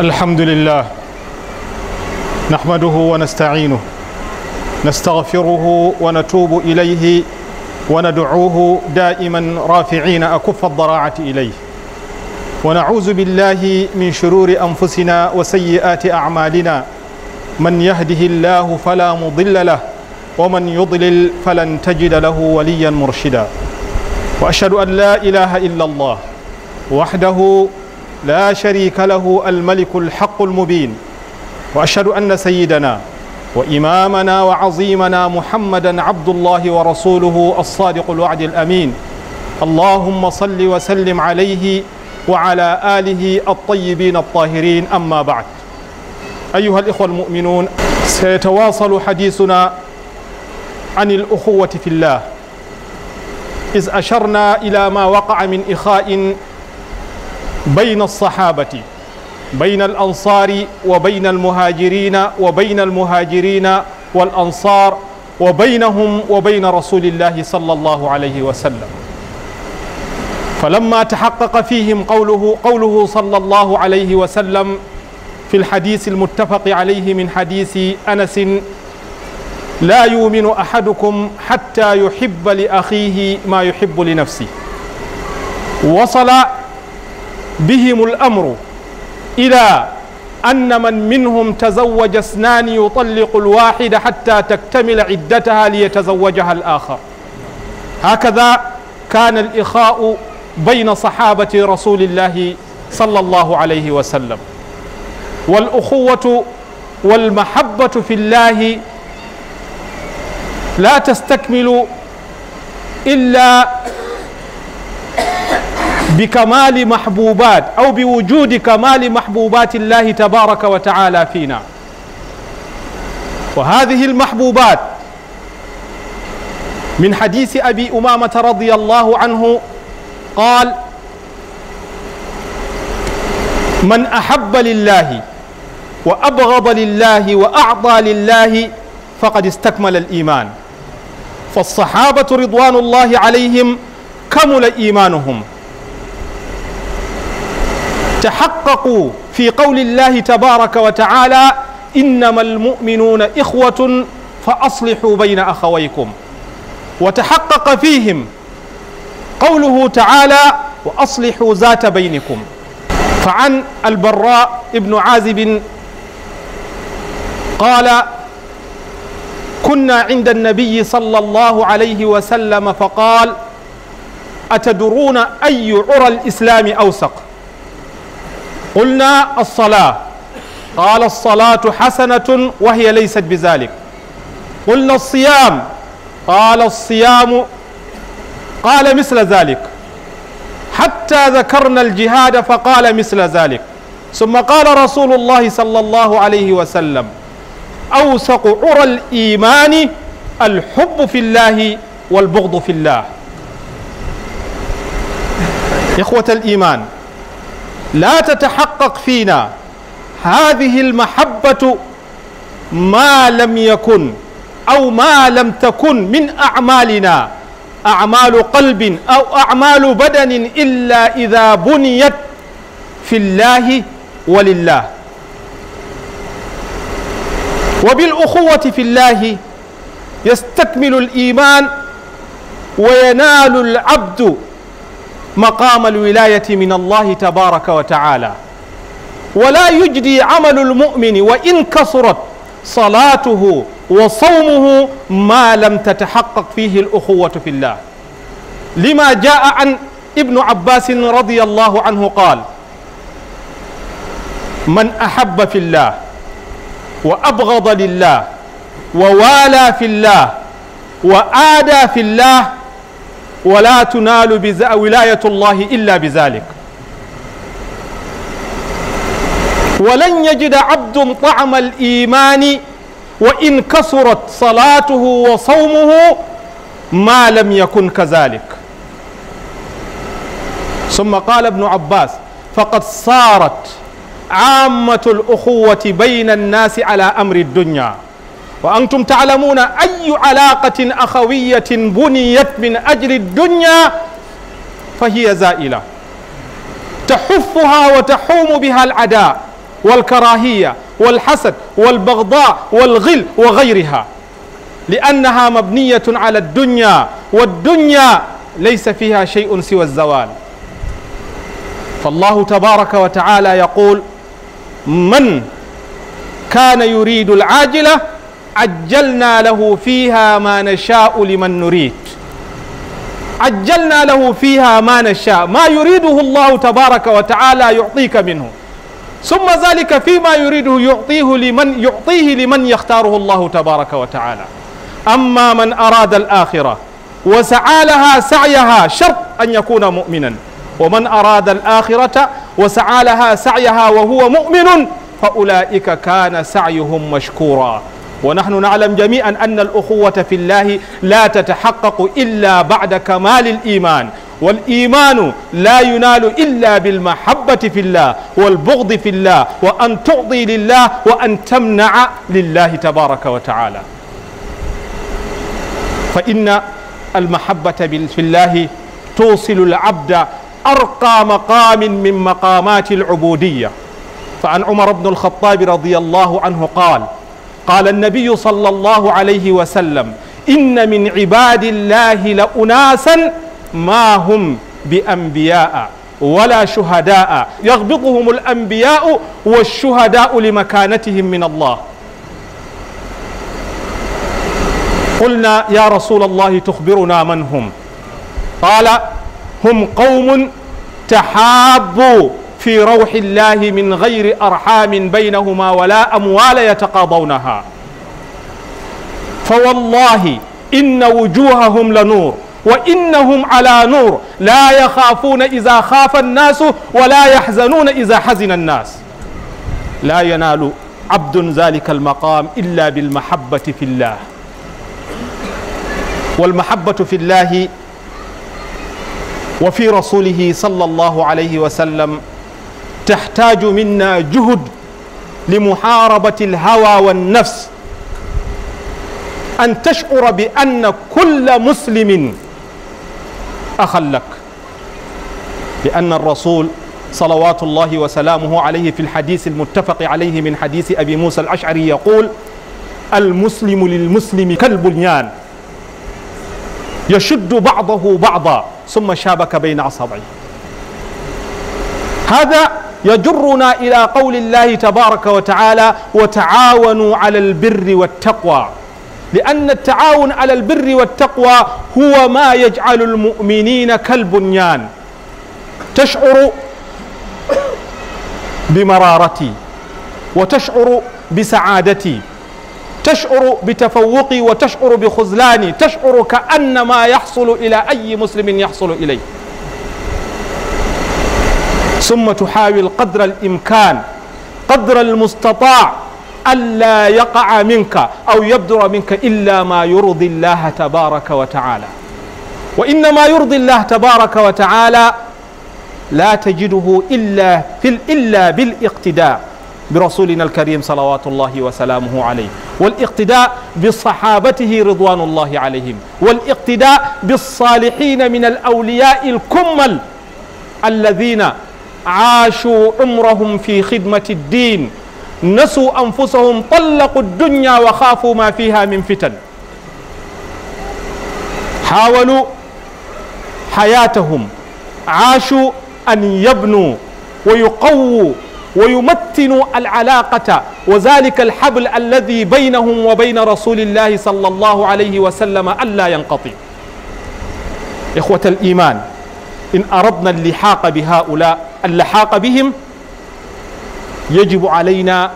الحمد لله نحمده ونستعينه نستغفره ونتوب إليه وندعوه دائما رافعين أكف الضراعة إليه ونعوذ بالله من شرور أنفسنا وسيئات أعمالنا من يهده الله فلا مضل له ومن يضلل فلن تجد له وليا مرشدا وأشهد أن لا إله إلا الله وحده لا شريك له الملك الحق المبين وأشهد أن سيدنا وإمامنا وعظيمنا محمدا عبد الله ورسوله الصادق الوعد الأمين اللهم صل وسلم عليه وعلى آله الطيبين الطاهرين أما بعد أيها الإخوة المؤمنون سيتواصل حديثنا عن الأخوة في الله إذ أشرنا إلى ما وقع من إخاء بين الصحابة بين الأنصار وبين المهاجرين وبين المهاجرين والأنصار وبينهم وبين رسول الله صلى الله عليه وسلم فلما تحقق فيهم قوله قوله صلى الله عليه وسلم في الحديث المتفق عليه من حديث أنس لا يؤمن أحدكم حتى يحب لأخيه ما يحب لنفسه وصل بهم الأمر إلى أن من منهم تزوج اثنان يطلق الواحد حتى تكتمل عدتها ليتزوجها الآخر هكذا كان الإخاء بين صحابة رسول الله صلى الله عليه وسلم والأخوة والمحبة في الله لا تستكمل إلا بكمال محبوبات أو بوجود كمال محبوبات الله تبارك وتعالى فينا وهذه المحبوبات من حديث أبي أمامة رضي الله عنه قال من أحب لله وأبغض لله وأعطى لله فقد استكمل الإيمان فالصحابة رضوان الله عليهم كمل إيمانهم تحققوا في قول الله تبارك وتعالى إنما المؤمنون إخوة فأصلحوا بين أخويكم وتحقق فيهم قوله تعالى وأصلحوا ذات بينكم فعن البراء ابن عازب قال كنا عند النبي صلى الله عليه وسلم فقال أتدرون أي عرى الإسلام أوسق قلنا الصلاة قال الصلاة حسنة وهي ليست بذلك قلنا الصيام قال الصيام قال مثل ذلك حتى ذكرنا الجهاد فقال مثل ذلك ثم قال رسول الله صلى الله عليه وسلم أوسق عرى الإيمان الحب في الله والبغض في الله إخوة الإيمان لا تتحقق فينا هذه المحبة ما لم يكن أو ما لم تكن من أعمالنا أعمال قلب أو أعمال بدن إلا إذا بنيت في الله ولله وبالأخوة في الله يستكمل الإيمان وينال العبد مقام الولاية من الله تبارك وتعالى ولا يجدي عمل المؤمن وإن كثرت صلاته وصومه ما لم تتحقق فيه الأخوة في الله لما جاء عن ابن عباس رضي الله عنه قال من أحب في الله وأبغض لله ووالى في الله وآدى في الله ولا تنال بز... ولاية الله إلا بذلك ولن يجد عبد طعم الإيمان وإن كثرت صلاته وصومه ما لم يكن كذلك ثم قال ابن عباس فقد صارت عامة الأخوة بين الناس على أمر الدنيا وأنتم تعلمون أي علاقة أخوية بنيت من أجل الدنيا فهي زائلة تحفها وتحوم بها العداء والكراهية والحسد والبغضاء والغل وغيرها لأنها مبنية على الدنيا والدنيا ليس فيها شيء سوى الزوال فالله تبارك وتعالى يقول من كان يريد العاجله عجلنا له فيها ما نشاء لمن نريد عجلنا له فيها ما نشاء ما يريده الله تبارك وتعالى يعطيك منه ثم ذلك فيما يريده يعطيه لمن يعطيه لمن يختاره الله تبارك وتعالى أما من أراد الآخرة وسعى لها سعيها شرط أن يكون مؤمنا ومن أراد الآخرة وسعى لها سعيها وهو مؤمن فأولئك كان سعيهم مشكورا ونحن نعلم جميعا أن الأخوة في الله لا تتحقق إلا بعد كمال الإيمان والإيمان لا ينال إلا بالمحبة في الله والبغض في الله وأن تعطي لله وأن تمنع لله تبارك وتعالى فإن المحبة في الله توصل العبد أرقى مقام من مقامات العبودية فعن عمر بن الخطاب رضي الله عنه قال قال النبي صلى الله عليه وسلم إن من عباد الله لأناسا ما هم بأنبياء ولا شهداء يغبطهم الأنبياء والشهداء لمكانتهم من الله قلنا يا رسول الله تخبرنا من هم قال هم قوم تحابوا في روح الله من غير أرحام بينهما ولا أموال يتقاضونها فوالله إن وجوههم لنور وإنهم على نور لا يخافون إذا خاف الناس ولا يحزنون إذا حزن الناس لا ينال عبد ذلك المقام إلا بالمحبة في الله والمحبة في الله وفي رسوله صلى الله عليه وسلم تحتاج منا جهد لمحاربة الهوى والنفس أن تشعر بأن كل مسلم أخا لك لأن الرسول صلوات الله وسلامه عليه في الحديث المتفق عليه من حديث أبي موسى الأشعري يقول المسلم للمسلم كالبنيان يشد بعضه بعضا ثم شابك بين أصابعه هذا يجرنا إلى قول الله تبارك وتعالى وتعاونوا على البر والتقوى لأن التعاون على البر والتقوى هو ما يجعل المؤمنين كالبنيان تشعر بمرارتي وتشعر بسعادتي تشعر بتفوقي وتشعر بخذلاني تشعر كأن ما يحصل إلى أي مسلم يحصل إليه ثم تحاول قدر الإمكان قدر المستطاع ألا يقع منك أو يبدر منك إلا ما يرضي الله تبارك وتعالى وإنما يرضي الله تبارك وتعالى لا تجده إلا, في إلا بالاقتداء برسولنا الكريم صلوات الله وسلامه عليه والاقتداء بصحابته رضوان الله عليهم والاقتداء بالصالحين من الأولياء الكمل الذين عاشوا عمرهم في خدمة الدين نسوا أنفسهم طلقوا الدنيا وخافوا ما فيها من فتن حاولوا حياتهم عاشوا أن يبنوا ويقووا ويمتنوا العلاقة وذلك الحبل الذي بينهم وبين رسول الله صلى الله عليه وسلم ألا ينقطع إخوة الإيمان إن أردنا اللحاق بهؤلاء اللحاق بهم يجب علينا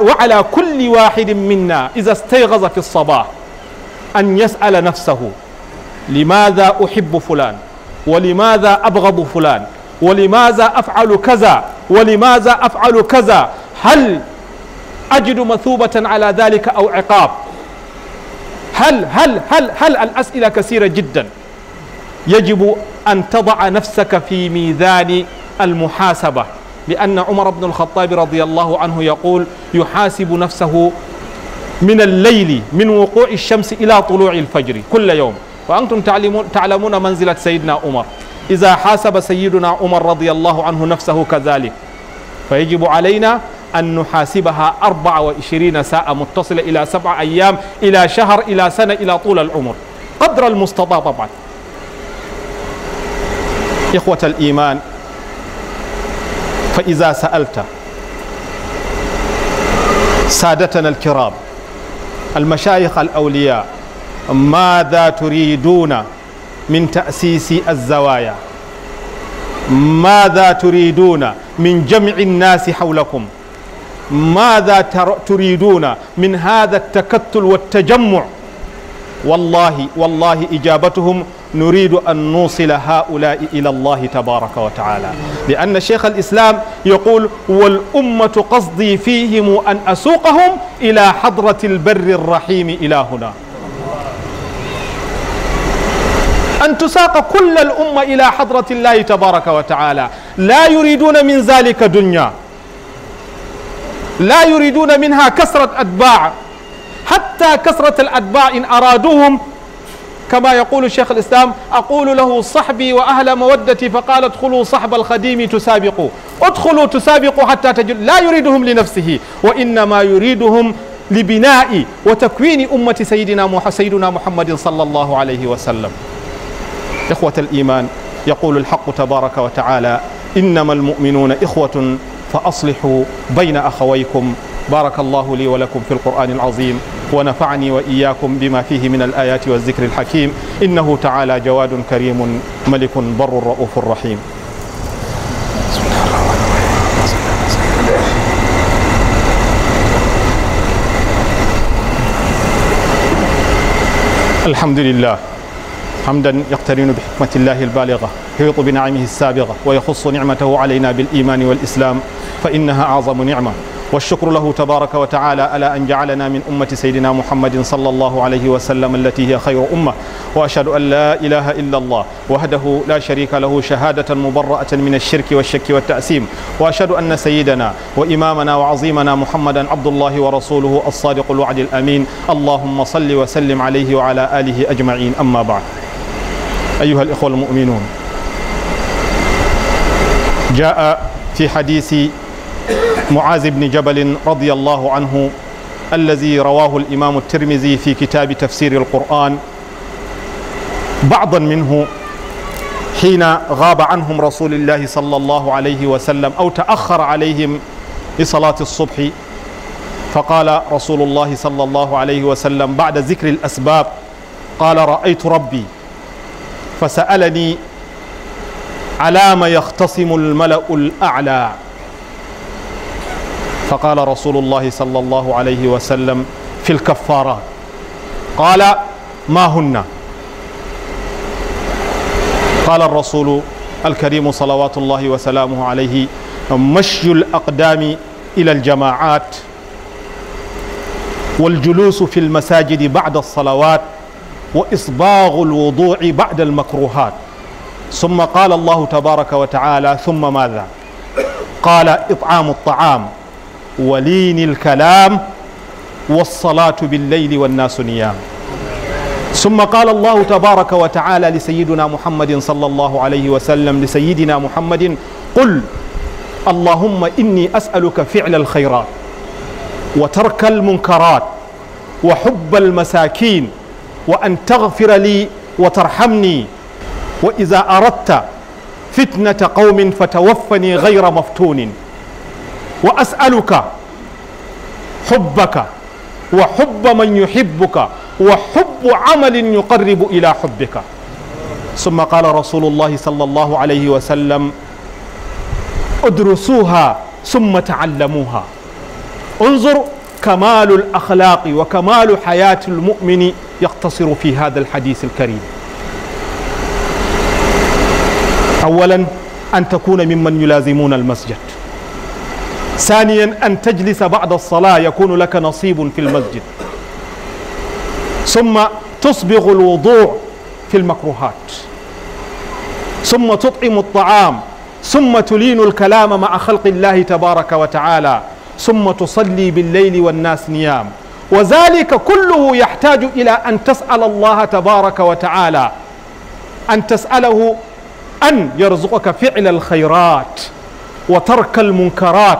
وعلى كل واحد منا إذا استيقظ في الصباح أن يسأل نفسه لماذا أحب فلان ولماذا أبغض فلان ولماذا أفعل كذا ولماذا أفعل كذا هل أجد مثوبة على ذلك أو عقاب هل هل هل هل الأسئلة كثيرة جدا يجب أن تضع نفسك في ميزان المحاسبة لأن عمر بن الخطاب رضي الله عنه يقول يحاسب نفسه من الليل من وقوع الشمس إلى طلوع الفجر كل يوم وأنتم تعلمون منزلة سيدنا عمر إذا حاسب سيدنا عمر رضي الله عنه نفسه كذلك فيجب علينا أن نحاسبها 24 ساعة متصلة إلى سبع أيام إلى شهر إلى سنة إلى طول العمر قدر المستطاع طبعا إخوة الإيمان فإذا سألت سادتنا الكرام المشايخ الأولياء ماذا تريدون من تأسيس الزوايا ماذا تريدون من جمع الناس حولكم ماذا تريدون من هذا التكتل والتجمع والله والله إجابتهم نريد أن نوصل هؤلاء إلى الله تبارك وتعالى لأن شيخ الإسلام يقول والأمة قصدي فيهم أن أسوقهم إلى حضرة البر الرحيم إلى هنا أن تساق كل الأمة إلى حضرة الله تبارك وتعالى لا يريدون من ذلك دنيا لا يريدون منها كسرة أتباع حتى كسرة الأتباع إن أرادوهم كما يقول شيخ الإسلام أقول له صحبي وأهل مودتي فقال ادخلوا صحب الخديم تسابقوا ادخلوا تسابقوا حتى تجد لا يريدهم لنفسه وإنما يريدهم لبناء وتكوين أمة سيدنا سيدنا محمد صلى الله عليه وسلم إخوة الإيمان يقول الحق تبارك وتعالى إنما المؤمنون إخوة فأصلحوا بين أخويكم بارك الله لي ولكم في القرآن العظيم ونفعني وإياكم بما فيه من الآيات والذكر الحكيم إنه تعالى جواد كريم ملك بر رؤوف رحيم الحمد لله حمدا يقترن بحكمة الله البالغة يحيط بنعمه السابغة ويخص نعمته علينا بالإيمان والإسلام فإنها أعظم نعمة والشكر له تبارك وتعالى ألا أن جعلنا من أمة سيدنا محمد صلى الله عليه وسلم التي هي خير أمة وأشهد أن لا إله إلا الله وحده لا شريك له شهادة مبرأة من الشرك والشك والتأسيم وأشهد أن سيدنا وإمامنا وعظيمنا محمدا عبد الله ورسوله الصادق الوعد الأمين اللهم صل وسلم عليه وعلى آله أجمعين أما بعد أيها الإخوة المؤمنون جاء في حديث معاذ بن جبل رضي الله عنه الذي رواه الإمام الترمذي في كتاب تفسير القرآن بعضا منه حين غاب عنهم رسول الله صلى الله عليه وسلم أو تأخر عليهم لصلاة الصبح فقال رسول الله صلى الله عليه وسلم بعد ذكر الأسباب قال رأيت ربي فسألني على ما يختصم الملأ الأعلى فقال رسول الله صلى الله عليه وسلم في الكفارات قال ما هن قال الرسول الكريم صلوات الله وسلامه عليه مشي الأقدام إلى الجماعات والجلوس في المساجد بعد الصلوات وإصباغ الوضوع بعد المكروهات ثم قال الله تبارك وتعالى ثم ماذا قال إطعام الطعام ولين الكلام والصلاة بالليل والناس نيام ثم قال الله تبارك وتعالى لسيدنا محمد صلى الله عليه وسلم لسيدنا محمد قل اللهم إني أسألك فعل الخيرات وترك المنكرات وحب المساكين وأن تغفر لي وترحمني وإذا أردت فتنة قوم فتوفني غير مفتون وأسألك حبك وحب من يحبك وحب عمل يقرب إلى حبك ثم قال رسول الله صلى الله عليه وسلم ادرسوها ثم تعلموها انظر كمال الأخلاق وكمال حياة المؤمن يقتصر في هذا الحديث الكريم أولا أن تكون ممن يلازمون المسجد ثانيا أن تجلس بعد الصلاة يكون لك نصيب في المسجد ثم تصبغ الوضوء في المكروهات ثم تطعم الطعام ثم تلين الكلام مع خلق الله تبارك وتعالى ثم تصلي بالليل والناس نيام وذلك كله يحتاج إلى أن تسأل الله تبارك وتعالى أن تسأله أن يرزقك فعل الخيرات وترك المنكرات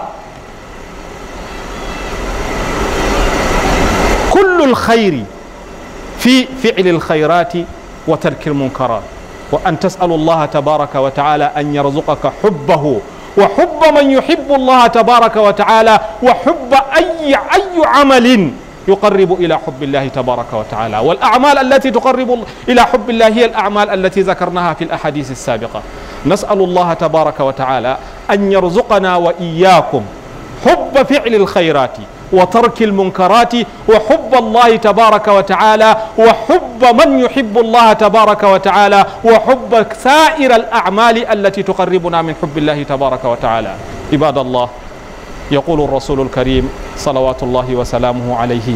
الخير في فعل الخيرات وترك المنكرات وأن تسأل الله تبارك وتعالى أن يرزقك حبه وحب من يحب الله تبارك وتعالى وحب أي, أي عمل يقرب إلى حب الله تبارك وتعالى والأعمال التي تقرب إلى حب الله هي الأعمال التي ذكرناها في الأحاديث السابقة نسأل الله تبارك وتعالى أن يرزقنا وإياكم حب فعل الخيرات وترك المنكرات وحب الله تبارك وتعالى وحب من يحب الله تبارك وتعالى وحب سائر الأعمال التي تقربنا من حب الله تبارك وتعالى عباد الله يقول الرسول الكريم صلوات الله وسلامه عليه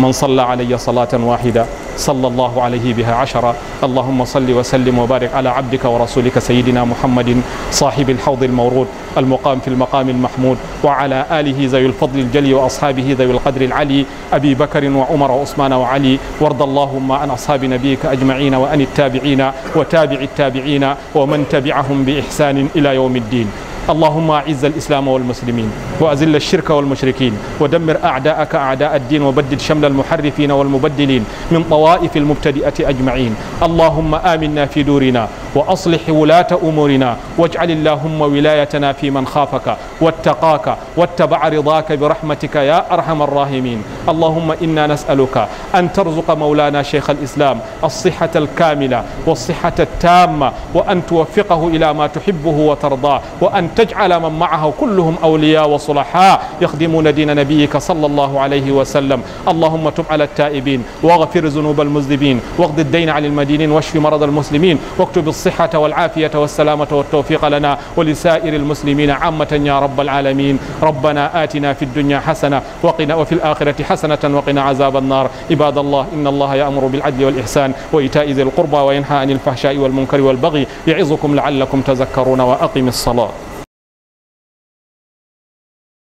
من صلى علي صلاة واحدة صلى الله عليه بها عشرة اللهم صل وسلم وبارك على عبدك ورسولك سيدنا محمد صاحب الحوض المورود المقام في المقام المحمود وعلى آله ذوي الفضل الجلي وأصحابه ذوي القدر العلي أبي بكر وعمر وعثمان وعلي وارض اللهم عن أصحاب نبيك أجمعين وأن التابعين وتابع التابعين ومن تبعهم بإحسان إلى يوم الدين اللهم أعز الإسلام والمسلمين وأذل الشرك والمشركين ودمر أعداءك أعداء الدين وبدد شمل المحرفين والمبدلين من طوائف المبتدئة أجمعين اللهم آمنا في دورنا وأصلح ولاة أمورنا واجعل اللهم ولايتنا في من خافك واتقاك واتبع رضاك برحمتك يا أرحم الراحمين اللهم إنا نسألك أن ترزق مولانا شيخ الإسلام الصحة الكاملة والصحة التامة وأن توفقه إلى ما تحبه وترضاه وأن تجعل من معه كلهم أولياء وصلحاء يخدمون دين نبيك صلى الله عليه وسلم اللهم تب على التائبين واغفر ذنوب المذنبين واقض الدين عن المدينين واشف مرض المسلمين واكتب الصحة والعافية والسلامة والتوفيق لنا ولسائر المسلمين عامة يا رب العالمين ربنا آتنا في الدنيا حسنة وقنا وفي الآخرة حسنة وقنا عذاب النار عباد الله إن الله يأمر بالعدل والإحسان وإيتاء ذي القربى وينهى عن الفحشاء والمنكر والبغي يعظكم لعلكم تذكرون وأقم الصلاة